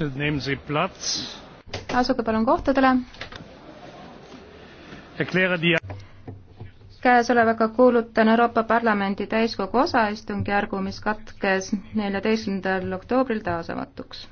asuge palun kohtadele. käesolevaga kuulutan Euroopa Parlamendi täiskogu osaistungjärgu, mis katkes neljateistkümnendal oktoobril taasavatuks